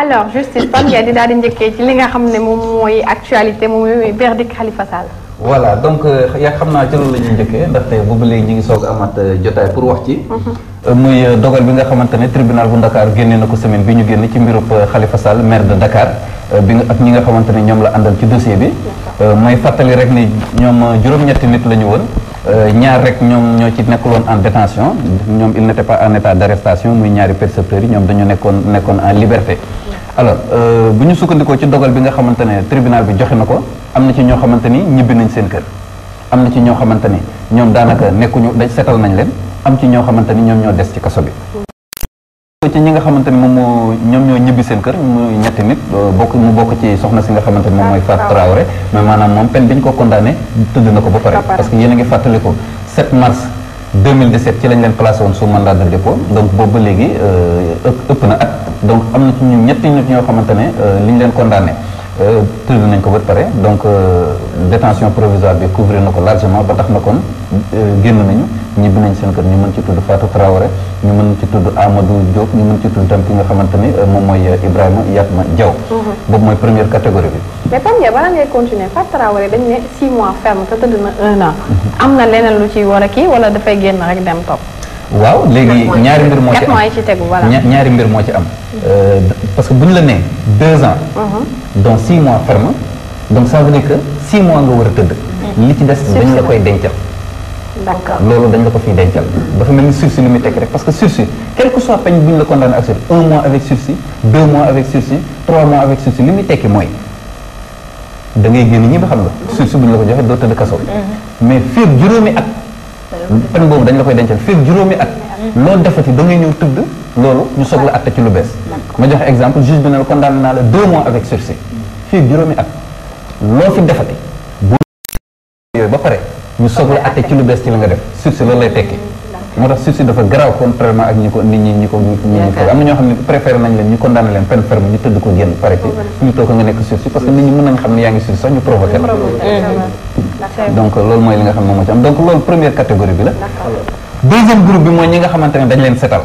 alors Justine fan ngeen di daal di njëkkee ci li nga xam ne moom mooy actualité moom mooy verdict Khalifa Sall. voilà donc euh, yaa xam naa ci loolu la ñuy njëkkee ndax tey boobu léegi ñu ngi soog amat euh, jotaay pour wax ci. Mhm. Euh, muy dogal bi nga xamante ne tribunal bu ndakaar génnee na ko semaine bi ñu génn ci mbirub Khalifa Sall maire de Dakar ak ñi nga xamante ne ñoom la àndal ci dossier bi. mooy fàttali rek ni ñoom juróom-ñetti nit la ñu woon. ñaar rek ñoom ñoo ci nekkuloon en détention ñoom il n'était pas en état d'arrestation muy ñaari yi ñoom dañu nekkoon nekkoon en liberté. alors euh, bu ñu sukkandikoo ci dogal bi nga xamante ne tribunal bi joxe na ko am na ci ñoo xamante ni ñibbi nañ seen kër am na ci ñoo xamante ni ñoom daanaka nekkuñu dañ setal nañ leen am ci ñoo xamante ni ñoom ñoo des ci kaso bi. ci ñi nga xamante ni moom moo ñoom ñoo ñibbi seen kër muy nit euh, bokk mu bokk ci soxna si nga xamante ni moom mooy Fatou Traoré mais maanaam moom peine bi ko condamné tëdd na ko ba pare parce que yéen a ngi fàttaliku 7 mars set ci lañ leen placé woon sous mandat de dépôt donc boobu ba léegi euh, ëpp na at donc am na ci ñu ñetti nit ñoo xamante ne euh, li ñu leen condamné euh, tëdd nañ ko ba pare donc euh, détention provisoire bi couvrir na ko largement ba tax na kon génn nañu ñibbi nañ seen kër ñu mën ci tudd Fatou Traoré ñu mën ci tudd Amadou Diop ñu mën ci tudd tam ki nga xamante ni moom mooy Ibrahima Yatma Diaw. Mhm. boobu mooy première catégorie bi. mais Pape Ndiaye balaa ngay continuer Fatou Traoré dañ ne 6 mois ferme te tëdd na 1 an. Mhm. am na leneen lu ci war a kii wala dafay génn rek dem topp. waaw léegi ñaari mbir moo ci am ci tegu voilà ñaari mbir moo ci am. parce que bu ñu la nee deux ans. Mhm. donc six mois ferme donc ça veut dire que six mois nga war a tëdd. Mhm. li ci des dañ la koy dencal. d'accord loolu dañ la ko fiy dencal. dafa mel ni sursis li muy tekki rek parce que sursis quel que soit peine bu ñu la condamné ak sursis un mois deux mois avec sursis trois mois avec sursis li muy tekki mooy da ngay génn ñi ba xam nga. Mhm. sursis bu ñu la ko joxee doo tëdd kaso. mais fii juróomi at. pen boobu dañ la koy dencal fii juróomi at loo defati da ngay ñëw tëdd loolu ñu soog at atte ci lu bees ma joxe exemple juge bi ne naa la deux mois avec sursis fii juróomi at loo fi defati bu yooyu ba pare ñu soog la ci lu bees ci la nga def sursis loolu lay tekki moo tax sursis dafa garaaw contrairement ak ñi ko nit ñi ñi ko ñi ñi ko am na ñoo xam ne préféré nañ leen ñu condamné leen peine ferme ñu tëdd ko génn pare ci ñu toog nga nekk sursis parce que nit ñi mën nañ xam ne yaa ngi sursis s ñu provoqué la donc loolu mooy li nga xam ne moo ci am donc loolu première catégorie bi la deuxième groupe bi mooy ñi nga xamante ne dañ leen setal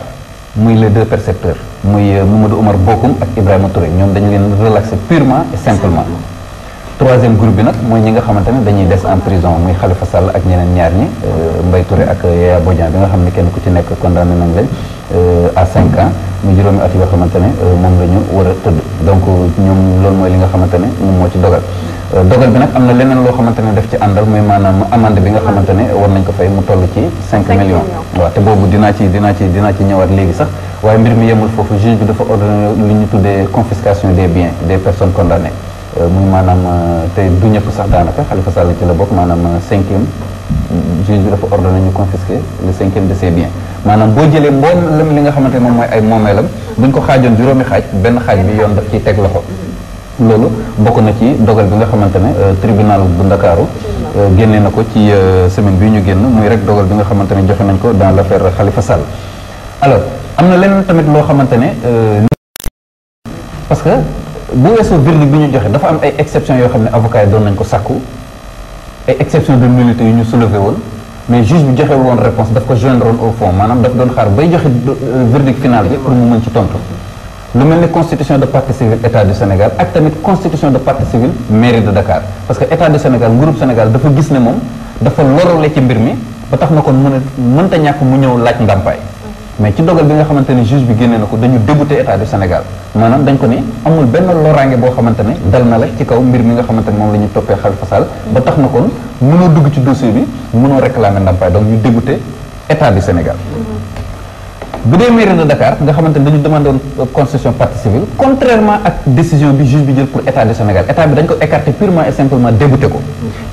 muy les deux percepteurs muy euh, Mamadou Omar Bokum ak Ibrahima Touré ñoom dañu leen relaxé purement et simplement troisième groupe bi nag mooy ñi nga xamante ne dañuy des en prison muy Khalifa Sall ak ñeneen ñaar ñi euh, Mbaye Touré ak Yaya Bodian bi nga xam ne kenn ku ci nekk condamné nañ leen euh, à cinq ans mu juróomi at yoo xamante ne moom la ñu war tëdd donc ñoom loolu mooy li nga xamante ne moom moo ci dogal dogal bi nag am na leneen loo xamante ne def ci àndal mooy maanaam amande bi nga xamante ne war nañ ko fay mu toll ci 5 millions waaw te boobu dinaa ci dina ci dina ci ñëwaat léegi sax waaye mbir mi yemul foofu juge bi dafa ordonné lu ñu tuddee confiscation des biens des personnes condamnées euh, muy maanaam euh, te du ñëpp sax daanaka Khalifa Sall ci la bokk maanaam euh, cinquième juge bi dafa ordonné ñu confisquer le cinquième de ses biens maanaam boo jëlee mboolem li nga xamante ne moom mooy ay moomeelam bu ñu ko xaajoon juróomi xaaj benn xaaj bi yoon daf ciy teg loxo loolu bokk na ci dogal bi nga xamante ne euh, tribunal bu Ndakaaru euh, génne na ko ci euh, semaine bi ñu génn muy rek dogal bi nga xamante ne joxe nañ ko dans l' affaire Khalifa Sall alors am na leneen tamit loo xamante ne parce que bu weesoo verdict bi ñu joxe dafa am ay exception yoo xam ne avocat yi doon nañ ko sàkku ay exception de nullité yu ñu soulevé woon mais juge bi joxe woon réponse daf ko joindre woon au fond maanaam daf doon xaar bay joxe verdict final bi pour mu mën lu mel ni constitution de parti civil état du Sénégal ak tamit constitution de parti civil mairie de Dakar parce que état du Sénégal nguurub Sénégal dafa gis ne moom dafa lorole ci mbir mi ba tax na kon mën a mënta ñàkk mu ñëw laaj ndàmpaay mais ci dogal bi nga xamante ne juge bi génne na ko dañu débouté état du Sénégal maanaam dañ ko ni amul benn loraange boo xamante ne dal na la ci kaw mbir mi nga xamante ne moom la ñuy toppee Khalifa Sall ba tax na kon mënoo dugg ci dossier bi mënoo réclamer ndàmpaay donc ñu débouté état du Sénégal bu dee mairie de Dakar nga xamante ne dañu demandé woon concession partie civile contrairement ak décision bi juge bi jël pour état du Sénégal état bi dañ ko écarté purement et simplement ko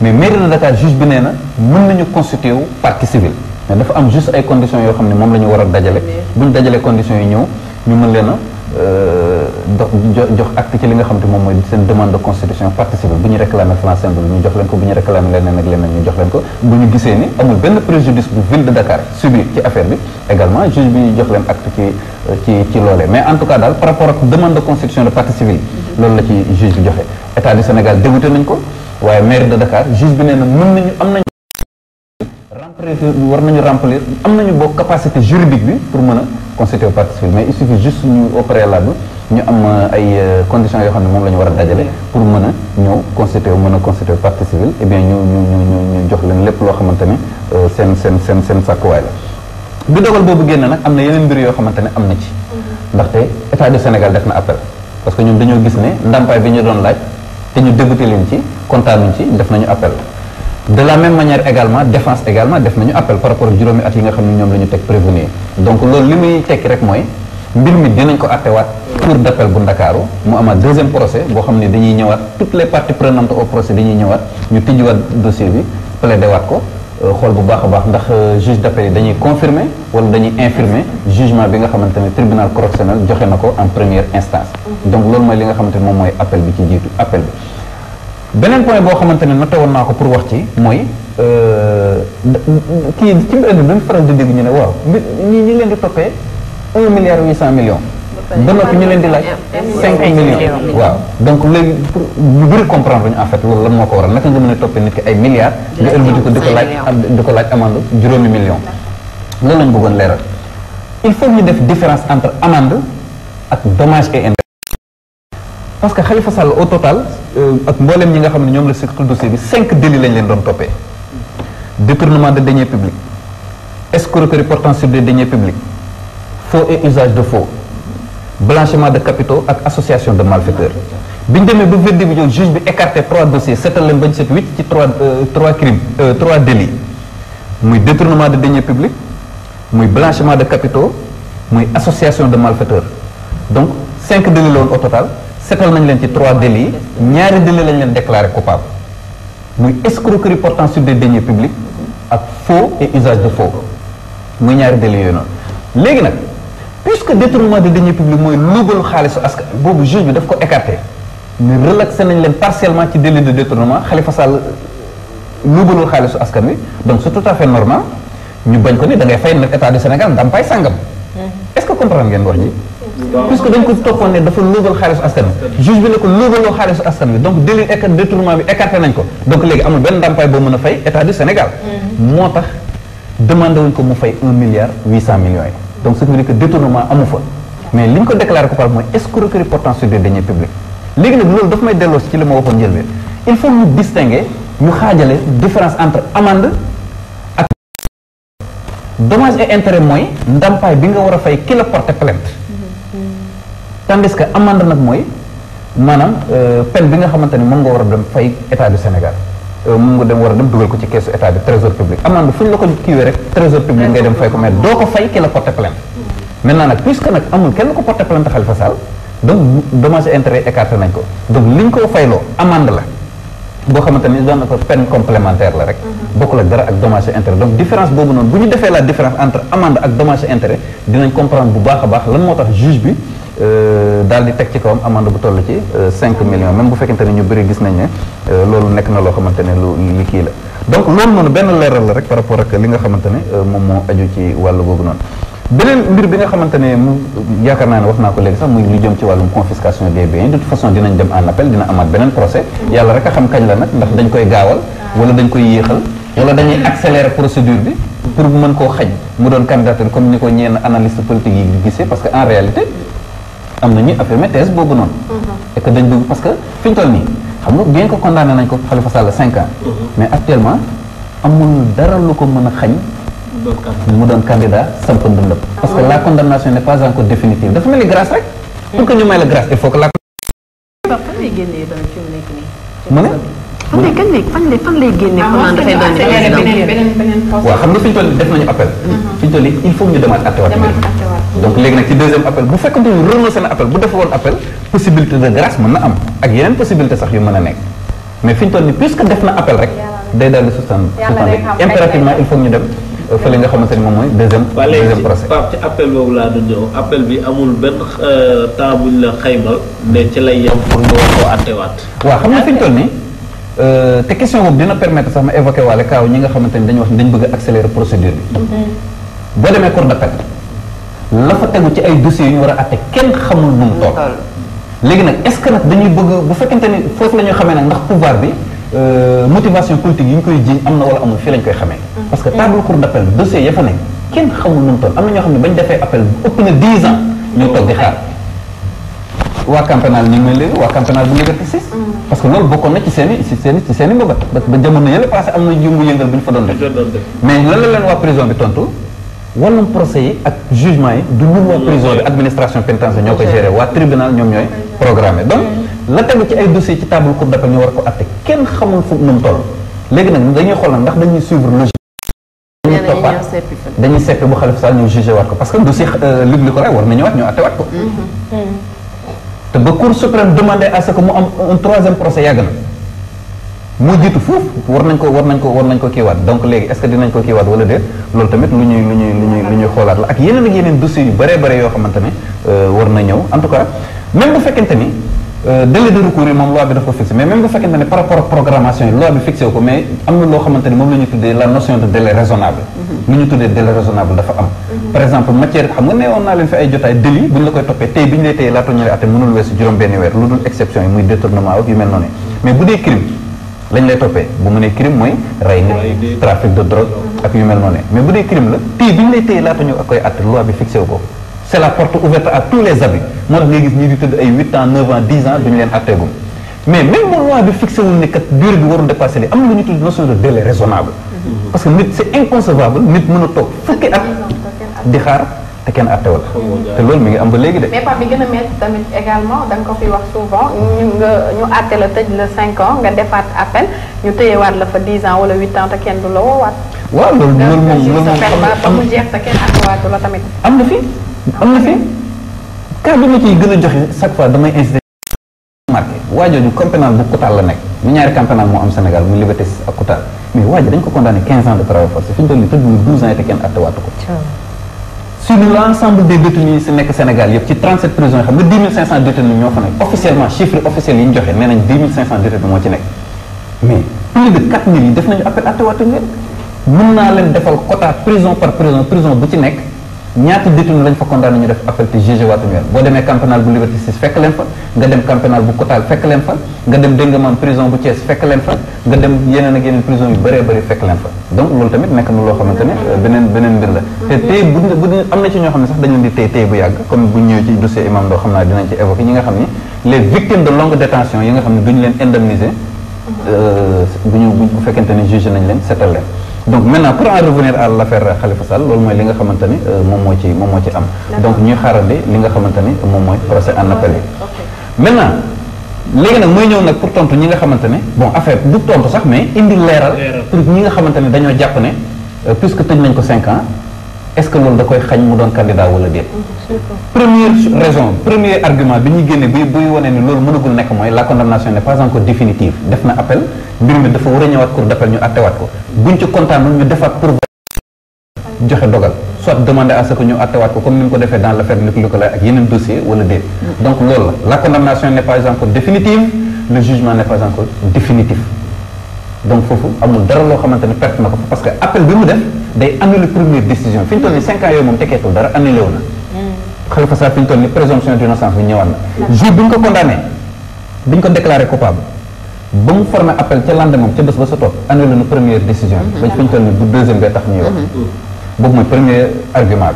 mais mairie de Dakar juge bi nee na mën nañu constitué wu partie civile mais dafa am juste ay conditions yoo xam ne moom la ñu war a dajale bu ñu dajalee conditions yi ñëw ñu mën leen a dox jox acte ci li nga xam moom mooy seen demande de constitution participer bu ñu réclamer ñu jox leen ko bu ñu jox leen ko bu ñu gisee ni amul benn préjudice bu ville de Dakar subir ci affaire bi également juge bi jox leen acte ci ci ci mais en tout cas daal par rapport demande de constitution de partie civile loolu la ci juge bi joxe état du Sénégal dégoûté nañ ko waaye maire de Dakar juge bi nee na mën am nañ autorité euh, war nañu remplir am nañu boo capacité juridique bi pour mën a constituer partie civile mais il suffit juste ñu au préalable ñu am euh, ay euh, conditions yoo xam ne moom la ñu war a dajale pour mën a ñëw constituer mën a constituer partie civile ñu ñu ñu ñu jox leen lépp loo xamante ne seen seen seen seen sàkkuwaay la bi dogal boobu génn nag am na yeneen mbir yoo xamante ne am na ci mm-hmm. ndaxte état du Sénégal def na appel parce que ñun dañoo gis ne ndàmpaay bi ñu doon laaj te ñu débuté leen ci kontaanuñ ci def nañu appel de la même manière également défense également def nañu appel par rapport ak juróomi at yi nga xam ne ñoom la teg prévenir donc loolu li muy tekki rek mooy mbir mi dinañ ko attewaat cour d'appel bu Ndakaaru mu amaat deuxième procès boo xam ne dañuy ñëwaat toutes les parties prenantes au procès dañuy ñëwaat ñu tijjiwaat dossier bi plaidé waat ko euh, xool bu baax a baax ndax euh, juge d'appel yi dañuy confirmer wala dañuy infirmer jugement bi nga xamante ne tribunal correctionnel joxe na ko en première instance mm-hmm. donc loolu li nga xamante ne moom mooy appel bi ci jiitu appel bi beneen point boo xamante ne noté woon naa ko pour wax ci mooy euh, kii ci mbedd bi dañ faral di dégg ñu ne waaw ñi ñu leen di toppee un milliard huit cent millions ba noppi ñu leen di laaj cinq millions waaw donc léegi pour ñu bëri comprendre ñu en fait loolu lan moo ko waral naka nga mën a toppee nit ki ay milliards nga ëlbati ko di ko laaj di ko laaj amande juróomi millions loolu lañ bëggoon leeral il faut ñu def différence entre amende ak dommage et parce que Khalifa Sall au total euh, ak mbooleem ñi nga xam ne ñoom la surtout dossier bi cinq délits lañ leen doon toppee détournement de deniers publics escroquerie portant sur des deniers publics faux et de faux blanchiment de capitaux ak association de malfaiteurs bi ñu demee ba verdict bi ñëw juge bi écarté trois leen bañ seet huit ci trois euh, trois crimes euh, muy détournement de deniers publics muy blanchiment de capitaux muy association de malfaiteurs donc cinq délits la woon au total setal nañ leen ci trois délits ñaari délits lañ leen déclaré coupable muy escroquerie portant sur des deniers publics ak faux et usage de faux muy ñaari délits yooyu noonu léegi nag puisque détournement de deniers publics mooy luubalu xaalisu askan boobu juge bi daf ko écarté ñu relaxé nañ leen partiellement ci délit de détournement Khalifa Sall luubalul xaalisu askan wi donc c'est tout à fait normal ñu bañ ko ni da ngay fay nag état du Sénégal ndàmpaay sàngam mm-hmm. est-ce que comprendre ngeen wax ji puisque dañ ko toppoon ne dafa luubal xaalisu askan bi juge bi ne ko luubaloo xaalisu askan bi donc délit écart détournement bi écarté nañ ko donc léegi amul benn ndàmpaay boo mën a fay état du Sénégal mm-hmm. wuñ ko mu fay un milliard huit cent millions yi donc ce qui veut dire ko déclaré mooy escroquerie portant sur des deniers publics léegi nag loolu dafa may delloo ci li ma waxoon njëlbeen il faut ñu distinguer ñu xaajale différence mooy ndàmpaay bi nga war a fay ki la porté tandis que amende nag mooy maanaam euh, peine bi nga xamante ni mën nga war a dem fay état du Sénégal euh, mën nga dem war a dem dugal ko ci keesu état bi trésor public amende fu ñu la ko kiiwee rek trésor public ngay dem fay ko mais doo ko fay ki la nag puisque nag amul kenn ko porté plainte Khalifa Sall donc dommage intérêt écarté nañ ko donc li ñu ko fayloo amande la boo xamante ni doon na complémentaire la rek mhm. bokk la dara ak dommage intérêt donc différence boobu noonu bu ñu defee la différence entre amende bu baax a lan moo tax juge bi Euh, daal di teg ci kawam amande bu toll ci 5 euh, millions même bu fekkente ne ñu bëri gis nañ ne euh, loolu nekk na loo xamante ne lu li kii la donc loolu noonu benn leeral la rek par rapport ak li nga xamante ne moom moo aju ci wàllu googu noonu beneen mbir bi nga xamante ne mu yaakaar naa ne wax naa ko léegi sax muy lu jëm ci wàllum confiscation des biens de toute façon dinañ dem en appel dina amaat beneen procès yàlla rek a xam kañ la nag ndax dañ koy gaawal wala dañ koy yéexal wala dañuy accélérer bi koo xaj mu doon candidature comme ni ko ñeen analyste parce que en réalité am nañu affaire météo boobu noonu. Mhm. et que dañ parce que fi ñu toll nii xam nga bien que condamné nañ ko Khalifa Sall cinq ans. Mhm. mais actuellement amul dara lu ko mën a xañ. mu doon candidat samp ndëndëm. parce que la ah. condamnation n'est pas encore définitive dafa mel ni grâce rek. pour que ñu may la grâce il faut que la. mu ne. fan lay waaw xam nga fi def nañu appel. Mhm. fi ñu il faut ñu demaat attewaat mbir donc léegi nag ci deuxième appel bu fekkante ni renoncé na appel bu def woon appel possibilité de grâce mën na am ak yeneen possibilité sax yu mën a nekk mais fi ñu toll nii puisque def na appel rek day daal euh, xamante ni moom mooy deuxième deuxième procès Pape ci appel bi amul benn euh, temps buñ la xaymal ne ci lay yem pour nga war koo attewaat waaw xam nga fi ñu euh, te question boobu dina permettre sax ma évoqué waale kaaw ñi nga xamante ni dañu wax ni dañu bëgg a accélérer procédure bi mhm. boo demee cour d'appel la fa tegu ci ay dossiers yu ñu war a atte kenn xamul nu mu toll léegi nag est-ce que dañuy bëgg bu fekkente ni foofu la ñuy xamee nag ndax pouvoir bi euh, motivation politique yi ñu koy jiñ am na wala amul fii lañ koy xamee mm-hmm. parce que table cour d'appel dossier ya fa nekk kenn xamul nu toll am na ñoo xam ne bañ defee appel bu ëpp ñoo toog di waa campenal ñu may léegi waa campenal bu Liberté 6 mm-hmm. parce que loolu bokkoon na ci seen ci seen i ci ba jamono yële passé am na yëngu-yëngal bu ñu fa doon def mais lan la wàllum procès yi ak jugement yi du ñun waa prison bi administration pénitentiaire ñoo koy gérer waa tribunal ñoom ñooy programmé donc la tegu ci ay dossier ci table cour d'appel ñu war atte kenn xamul fu nu mu toll léegi nag dañuy xool nag ndax dañuy suivre logique dañuy toppaat dañuy seppi bu Khalifa Sall ñu jugé waat ko parce que dossier euh, Luc Nicolaï war na ñëwaat ñu atte waat ko mm-hmm. Mm-hmm. te ba à ce mu am un troisième procès na moo jiitu foofu war nañ ko war nañ ko war nañ ko kiiwaat donc léegi est-ce que dinañ ko kiiwaat wala déet loolu tamit lu ñuy lu ñuy lu ñuy lu ñuy xoolaat la ak yeneen ak yeneen dossiers yu bëree bëri yoo xamante ne euh, war na ñëw en tout cas même bu fekkente ni euh, délai de recours yi moom loi bi daf ko fixé mais même bu fekkente ne par rapport ak programmation yi loi bi fixé wu ko mais am na loo xamante moom la tuddee la notion de délai raisonnable mm-hmm. lu ñu tuddee délai lañ lay toppee bu mu ne crime mooy rey nit trafic de drogue ak yu mel noonu mais bu dee crime la téye bi lay téye laata ñu ak koy àtte loi bi fixé ko c' la porte ouverte à tous les abus moo tax ngay gis ñii di tëdd ay 8 ans 9 ans 10 ans duñu leen àtteegum mais même bu loi bi fixé wul ne kat warul dépassé am na lu ñu tudd notion de délai raisonnable mhm. parce que nit c' est nit mën a toog fukki at di xaar te kenn àttewal te loolu mi ngi am ba léegi de. mais Pape bi gën a tamit également da ko fi wax souvent ñu nga ñu àtte la tëj la 5 ans nga defaat appel ñu tëyewaat la fa 10 ans wala 8 ans te kenn du la woowaat. waaw loolu loolu moom loolu moom ba mu jeex te kenn àttewaatu la tamit. am na fi am na fi cas bi ma ciy a joxe chaque fois damay incité. marqué waa jooju campagnat bu Koutal la nekk ñu ñaari campagnat moo am Sénégal muy Liberté ak Koutal sur l'ensemble des détenus yi si nekk Sénégal yëpp ci 37 prisons yi xam nga 10 500 ñoo fa nekk officiellement chiffre officiel yi ñu joxe nee nañ 10 moo ci nekk mais plus de 4000 yi def nañu appel àttewaatuñu leen mën naa leen defal quota prison par prison prison bu ci nekk. ñaata détenu lañ fa condamné ñu def appel te jugé waatuñu leen boo demee camp pénal bu Liberté 6 fekk leen fa nga dem camp pénal bu Kotaal fekk leen fa nga dem Dengaman prison bu Thiès fekk leen fa nga dem yeneen ak yeneen prison yu bëree bëri fekk leen fa donc loolu tamit nekk na loo xamante ne euh, beneen beneen mbir la te tey bu bu am na ci ñoo xam ne sax dañu leen di tey tey bu yàgg comme bu ñëwee ci dossier imam doo xam naa dinañ ci évoqué ñi nga xam ni les victimes de longue détention yi ne duñu leen indemniser euh, bu ñu bu fekkente ne jugé nañ leen seetal leen donc maintenant pour en revenir à l' affaire Khalifa Sall loolu mooy li nga xamante euh, moom moo ci moom moo ci am donc ñuy xaarandi li nga xamante ni moom mooy procès en appel bi na léegi nag mooy ñëw nag pour tontu ñi nga xamante ne bon affaire du tontu sax mais indi leeral pour ñi nga xamante ne dañoo jàpp ne euh, puisque tëj nañ ko cinq ans est-ce que loolu da koy xañ mu doon candidat wala déet. Mm-hmm, première raison premier argument bi ñuy génne buy buy wane ni loolu mënagul nekk mooy la condamnation n'est pas encore définitive def na appel mbir mi dafa war a ko buñ ci kontaanul ñu defaat pour joxe dogal soit demander à ce ko comme ni mu ko defee dans l'affaire Luc Nicolaï ak yeneen dossier wala déet. donc loolu la la condamnation n'est pas encore le jugement n'est pas encore donc foofu amul dara loo xamante ni perte na ko parce que appel bi mu def day annulé première décision fi ñu toll nii 5 ans yooyu moom tekkeetul dara annulé wu na. Hmm. Khalifa Sall fi ñu toll nii présomption d'innocence bi ñëwaat na. jour bi ñu ko condamné bi ñu ko déclaré coupable ba mu formé appel ca lendemain ca bés ba sa toog annulé na première décision bi. Hmm. ba fi ñu toll nii bu deuxième bee tax ñuy wax. Hmm. boobu mooy premier argument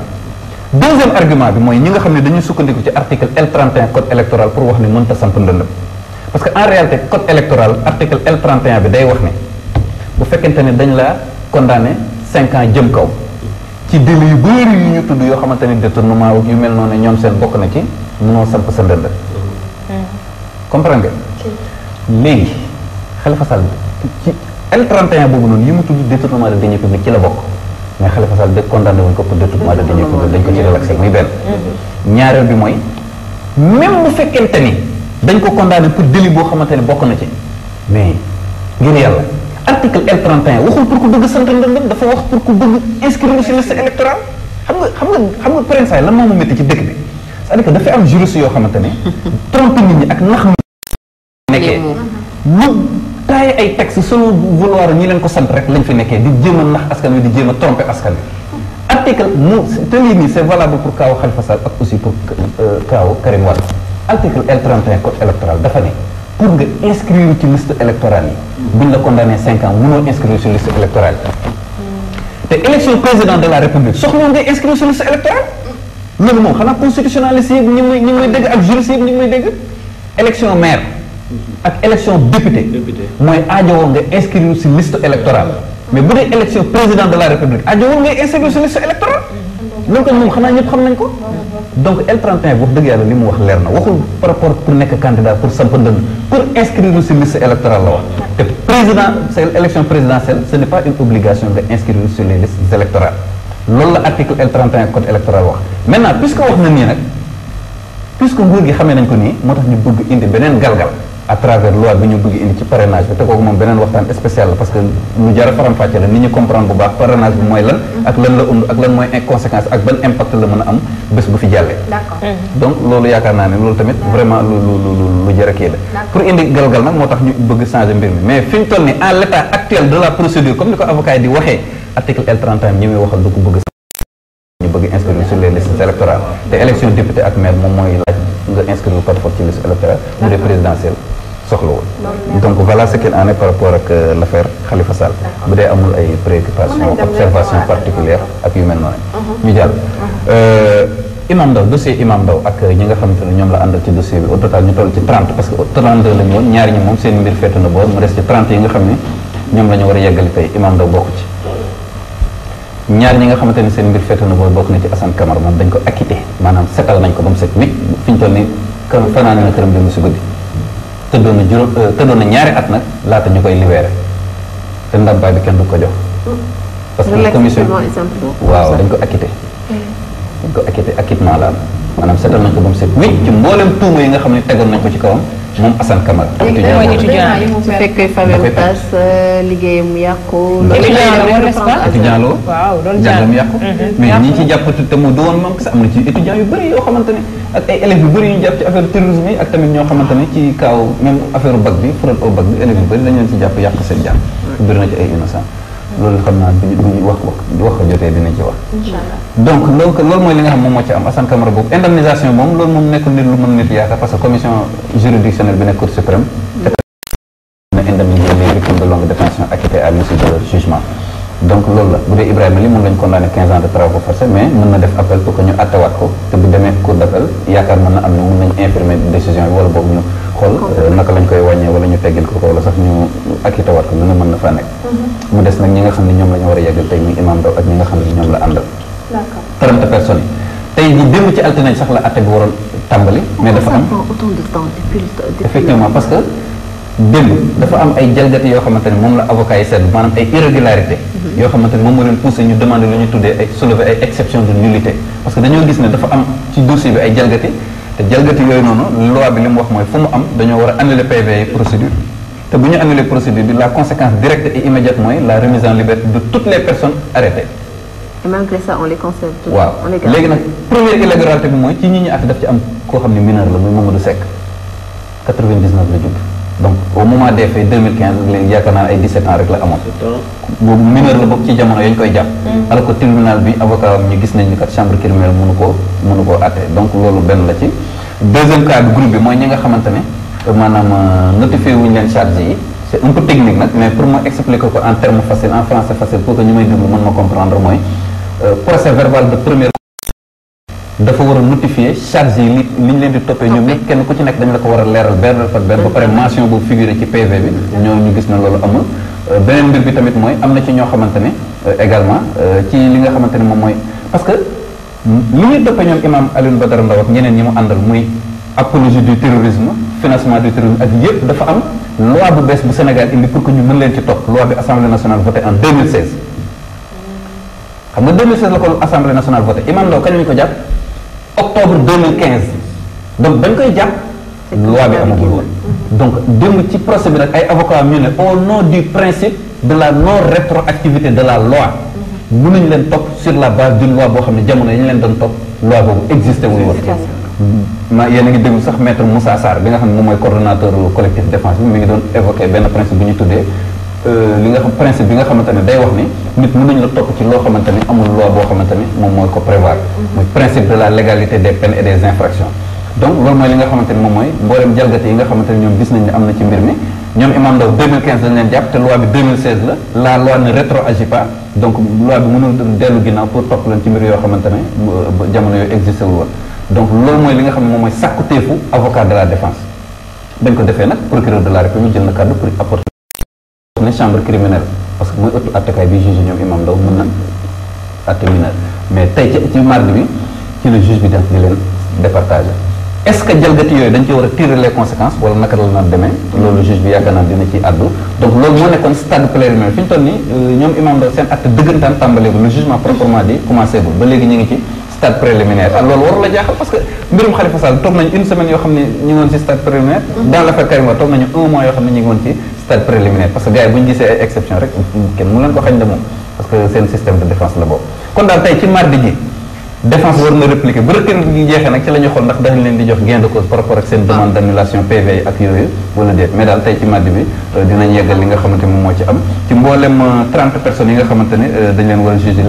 bi. deuxième argument bi mooy ñi nga xam ne dañuy sukkandiku ci article L31 code électoral pour wax ne parce que en réalité code électoral article L31 bi day wax ne bu fekkente ne dañ la condamné cinq ans jëm kaw ci délai yu bëri yu ñu tudd yoo xamante ni détournement yu mel noonu ñoom seen bokk na ci mënoo samp sa ndënd hmm. comprendre nga léegi Khalifa Sall ci L31 boobu noonu yi mu tudd détournement de deniers publics ci la bokk mais Khalifa Sall de condamné wuñ ko pour détournement de dañ ko ci relaxé muy benn ñaareel bi mooy même bu fekkente ni dañ ko condamné pour délit boo xamante ne bokk na ci mais ngir yàlla article L31 waxul pour ku bëgg sant ndëndëm dafa wax pour ku bëgg inscrire ci liste électorale xam nga xam nga xam nga prinçay lan moo ma métti ci dëkk bi dafay am juriste yoo xamante ne trompe nit ñi ak nax nekkee lu taaye ay texte selon vouloir ñi leen ko sant rek lañ fi nekkee di jéem nax askan wi di jéem a tromper askan wi article mu te lii nii c'est valable pour kaaw Khalifa Sall ak aussi pour euh, kaaw Karim Wade article L31 code électoral dafa ne pour nga inscrire ci liste électorale yi. buñ la condamné 5 ans mënoo inscrire ci liste électorale te élection président de la république soxla ngay inscrire ci liste électorale maire. ak élection député. mooy aajowoo nga inscrire ci liste électorale mais bu dee élection président de la république aajowoo ngay inscrire ci liste électorale loolu kon moom xanaa ñëpp xam nañ ko. donc L31 wax dëgg li mu wax leer na waxul par rapport pour nekk candidat pour samp ndënd pour inscrire sur liste électorale la wax président c'est élection présidentielle ce n'est pas une obligation de inscrire sur les listes électorales loolu la article L31 code électoral wax maintenant puisque wax na nii nag puisque nguur gi xamee nañ ko nii moo tax ñu bëgg indi beneen galgal à travers loi bi ñu bëgg indi ci parrainage bi te kooku moom beneen waxtaan spécial la parce que lu jar a faram-fàcce la nit ñi comprendre bu baax parrainage bi mooy lan ak lan la und ak lan mooy conséquence ak ban impact la mën a am bés bu fi jàllee mmh. donc loolu yaakaar naa ne loolu tamit vraiment lu lu lu jar a kii la pour indi galgal nag moo tax ñu bëgg changer mbir mi mais fi ñu toll ni en l'état actuel de la procédure comme ni ko avocat yi di waxee article L31 ñi muy waxal du ko bëgg ñu bëgg inscrire sur les listes électorales te élection député ak maire moom mooy laaj nga inscrire par force ci liste électorale bu dee présidentielle soxla soxlawul donc voilà ce qu'il en est par rapport ak euh, l'affaire Khalifa Sall bu dee amul ay préoccupations observation particulière ak yu mel noonu mhm. ñu jàll mhm. euh, imam Ndao dossier imam Ndao ak ñi nga xamante ñoom la àndal ci dossier bi au total ñu toll ci 30 parce que 32 la ñu woon ñaari ñi moom seen mbir féetu na boor mu des ci 30 yi nga xam ne ñoom la war a yeggali tey imam Ndao bokk ci ñaar ñi nga xamante ni seen mbir feete na booy bokk na ci Assane moom dañ ko acquitté maanaam setal nañ ko ba mu set wicc fi ñu toll tëddoon na juróom euh, ñaari at nag laata ñu koy libéré te ndàmpaay bi kenn du ko jox. parce que commission waaw dañ ko acquitté. dañ ko acquitté acquittement la maanaam seetal nañ ko ba mu set wécc ci mboolem tuuma yi nga xam ne tegal nañ ko ci kawam moom Assane Camara. étudiant su fekkee Fabel yàqu. étudiant loo waaw yàqu. Mhm. mais ñi ci jàpp te mu doon moom parce que am na ci étudiant yu bëri yoo xamante ak ay élèves yu bëri ñu jàpp ci affaire terrorisme yi ak tamit ñoo xamante ne ci kaaw même affaire bac bi fraude au bac bi élèves yu bëri leen ci jàpp yàq seen jàng bëri na ci ay innocent loolu xam naa bu ñu wax wax ko jotee dinañ ci wax donc loolu loolu mooy li nga xam moom moo am Assane Camara boobu indemnisation moom loolu moom nekkul nit lu mën nit yaakaar parce que commission juridictionnelle bi nekk Cour suprême mm. na indemniser les victimes de donc loolu la bu dee Ibrahima li mën nañu condamné 15 ans de travaux mais mën na def appel pour que ñu attewaat ko te bu demee cour d'appel yaakaar mën na am ne mën nañu infirmer décision bi wala boobu ñu xool euh, naka lañ koy wàññee wala ñu teggil ko ko wala sax ñu akitawaat ko lu ne mën na faa nekk mhm. mu des nag ñi nga xam ne ñoom la war a yeggal tey muy imam daw ak ñi nga xam ne ñoom la àndal trente personnes yi tey ñi démb ci altine démb dafa am ay jalgati yoo xamante ne moom la avocat yi seetlu maanaam ay irrégularité mhm. yoo xamante ne moom moo leen poussé ñu demandé lu ñu tuddee ay soulever ay exception de nullité parce que dañoo gis ne dafa am ci dossier bi ay jalgati te jalgati yooyu noonu loi bi li mu wax mooy fu mu am dañoo war a annuler PV procédure te bu ñu annuler procédure bi la conséquence directe et immédiate mooy la remise en liberté de toutes les personnes arrêtées et malgré ça on waaw léegi nag première bi mooy ci ñi ñu daf ci am koo xam ne mineur la muy Mamadou Seck donc au moment des faits 2015 léegi yaakaar naa ay 17 rek la amoon. boobu mineur la bokk ci jamono yañ koy jàpp. Mm. alors que tribunal bi avocat am ñu gis nañ ni kat chambre criminelle mënu koo mënu koo àtte donc loolu benn la ci. deuxième cas bi bi mooy ñi nga xamante ne euh, maanaam euh, notifié wuñu leen charge yi c' est un peu technique nag mais pour ma expliquer ko en terme facile en français facile pour que ñu may déglu mën comprendre mooy euh, procès dafa war a notifier charges yi li li ñu leen di toppee ñoom ñëpp kenn ku ci nekk dañ la ko war a leeral benn par benn ba pare mention boobu figuré ci PV bi ñoo ñu gis na loolu amul euh, beneen mbir bi tamit mooy am na ci ñoo xamante ne euh, également euh, ci li nga xamante ne moom mooy parce que li ñuy toppee ñoom imam Alioune Badara Ndao ak ñeneen ñi mu àndal muy apologie du terrorisme financement du terrorisme ak yëpp dafa am loi bu bees bu Sénégal indi pour que ñu mën leen ci topp loi bi assemblée nationale votée en 2016 xam nga 2016 la ko assemblée nationale votée imam Ndao kañ ko jàpp octobre 2015 donc bañ koy jàpp loi bi amagul woon donc démb ci procès bi nag ay avocat ñu ne au nom du principe de la non rétroactivité de la loi mënuñ leen topp sur la base d'une loi boo xam ne jamono yi ñu leen doon topp loi boobu existé wul woon ma yéen a ngi déglu sax maître Moussa Sarr bi nga xam ne moom mooy coordonnateur collectif défense bi mi ngi doon évoqué benn principe bu ñu tuddee Euh, li nga xam principe bi nga xamante ne day wax ni nit mën nañu la topp ci loo xamante ni amul loi boo xamante moom mooy ko prévoir mhm. muy principe de la légalité des peines et des infractions donc loolu mooy li nga moom mooy mboolem jalgate yi nga xamante ni ñoom gis euh, li nga xam ne moom mooy sàkku avocat de la défense dañ ko defee nag procureur de la république jël na kàddu pour apporter ne chambre criminelle parce que mooy ëttu attekaay bi juge ñoom imam ndaw mën na atte mineur mais tey ci ci mardi bi ci le juge bi def di leen départager est-ce que jalgati yooyu dañ ci war a tirer les conséquences wala naka la naan demee loolu juge bi yaakaar naa dina ci àddu donc loolu moo nekkoon stade préliminaire fi ñu toll nii euh, ñoom imam ndaw seen acte dëggantaan tàmbaleegul le jugement proprement dit commencé gul ba léegi ñu ngi ci stade préliminaire ah loolu waru la jaaxal parce que mbirum Khalifa Sall toog nañu une semaine yoo xam ne ñu ngi woon ci stade préliminaire mm-hmm. dans l'affaire Karim Wade toog nañu un mois yoo xam ne ñu ngi woon ci stade parce que gars yi bu gisee ay exception rek kenn mu leen ko xañ de moom parce que seen système de défense la boobu kon daal tey ci mardi ji défense war na répliquer bu rëkk gi jeexee nag ci la ñu ndax dañ leen di jox gain de cause par rapport ak seen demande ah. d' annulation PV ak yooyu wala déet mais daal tey ci mardi bi euh, dinañ yeggal li nga xamante moom moo ci am ci mboolem 30 euh, personnes yi nga xamante euh, dañ leen war a jugé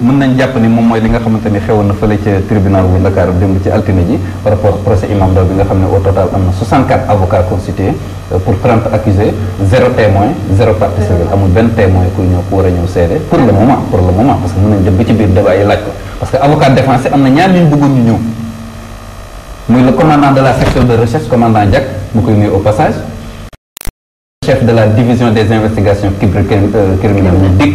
mën nañ jàpp ni moom mooy li nga xamante ni xewoon na fële ca tribunal bu Ndakaaru démb ci altine ji par rapport procès imam Ndao bi nga xam ne au total am na 64 avocats euh, pour 30 accusés zéro témoin zéro partie amul benn témoin kuy ñëw ku war a ñëw seede pour le moment pour le moment parce que mën nañ dem ba ci biir débat yi laaj ko parce que avocat défense am na ñaar ñu bëggoon ñu ñëw muy le commandant de la section de recherche commandant Diack bu koy de la division des investigations euh, criminelles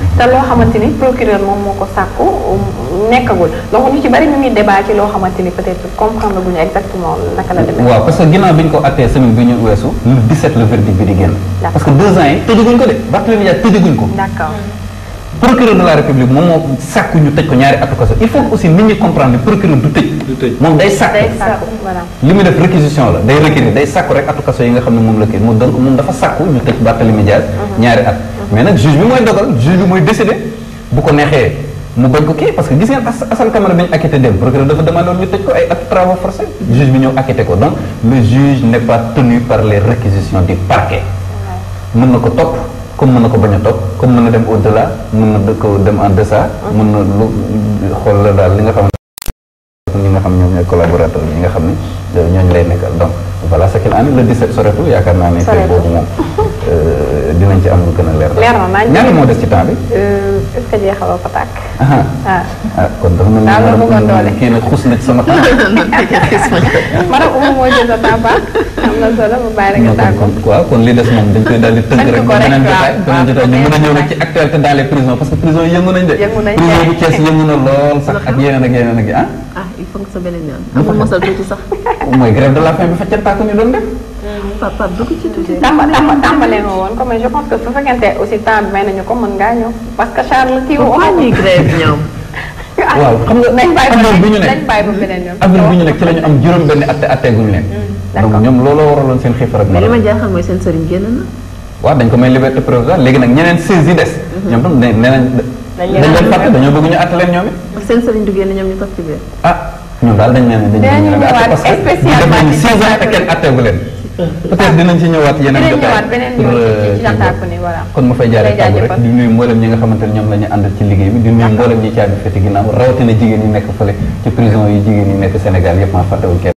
te loo xamante ni procureur moom moo ko sàkku um, nekkagul donc ñu ci bari ñu ngi débat ci loo xamante ni peut-être comprendre guñu exactement naka la demee. waaw parce que ginnaaw bi ñu ko attee semaine bi ñu weesu le 17 le verdict bi di génn. parce que deux ans yi tëjaguñ ko de Barthélémy Dias tëjaguñ ko. procureur de la république moom moo sàkku ñu tëj ko ñaari atu kaso il faut aussi nit ñi comprendre ne procureur du tëj. moom day sàkku. li muy def réquisition la day requérir xam ne moom la kii mu doon moom dafa mais nag juge bi mooy dogal juge bi mooy décider bu ko neexee mu bañ ko kii parce que gis ngeen Assane Camara bi ñu acquitté dem procureur dafa demandé woon ñu tëj ko ay actes travaux forcés juge bi ñëw acquitté ko donc le juge n'est pas tenu par les réquisitions du parquet mën na ko topp comme mun na ko bañ a topp comme mën na dem au delà mën na dëkko dem en deçà mën na lu xool la daal li nga xam ñi nga xam ñoom ñooy collaborateur ñi nga xam ne ñooñu lay nekkal donc voilà ce ne tey boobu moom Euh, dinañ ci am lu gën a leer. leer na ñaata moo des ci temps bi. Euh, est-ce que jeexaloo ko tàkk. Ah. ah kon dafa mel ni ma doole kii nag xus na ci sama temps. maanaam Oumou moo jël sa temps baax am na solo mu bàyyi rek nga tàggu. waaw kon li des moom dañ koy daal di tënk rek. beneen jotaay beneen jotaay ñu mën a ñëw nag ci actualité dans les prisons parce que prison yi yëngu nañ de. yëngu nañ de prison bu Thiès yëngu na lool sax ak yeneen ak yeneen ak yi ah. ah il faut que sa beneen yoon. am na mosal tuuti sax. mooy grève de la faim bi fa cantaako ñu doon def. papa woon ko mais je pense que su fekkente aussi temps bi may ko mën ngaa ñëw parce que Charles kii woo. ñuy grève ñoom. waaw xam nga avril bi am juróom benn atte atteeguñu leen. Mm, donc ñoom looloo waraloon seen xiif rek. mais li ma jaaxal mooy seen sëriñ génn na. waaw dañ ko may liberté provisoire léegi nag ñeneen seize yi des. Mhm. ñoom tam nee nañ. dañ leen fàtte dañoo bëgg ñu atte leen ñoom it. seen sëriñ du génn ñoom ñu toog ci biir ah, ñun daal dañ leen dañ leen ñëwaat parce que def nañu six ans te kenn atteegu leen ah. peut-être ah. dinañ ci ñëwaat yeneen jotaay euh, kon ma fay jaaree kàddu rek di nuyu ñi nga xamante ñoom la ñu ci liggéey bi di nuyu ñi caabi fete ginnaaw rawatina jigéen ñi nekk fële ci prison yi jigéen ñi nekk Sénégal yëpp maa fàttewul kenn